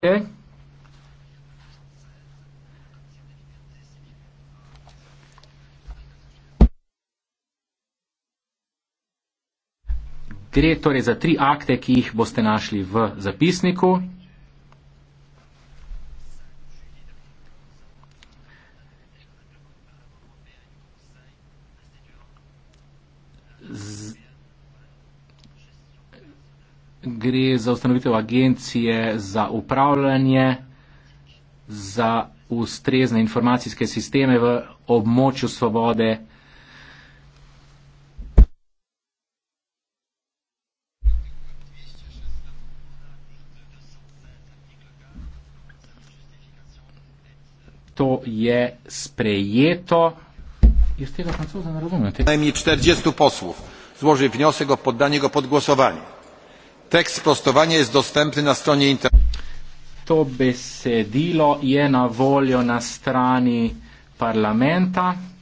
Okay. E? Gre torej za tri akte, ki jih boste našli v zapisniku. Z gre za ustanovitev agencije za upravljanje za ustrezne informacijske sisteme v območju svobode. To je sprejeto. Jest tego, co za Najmniej 40 posłów złoży wniosek o poddanie go pod głosowanie. Tekst sprostovanja je dostępny na strani internetowej. To besedilo je na voljo na strani parlamenta.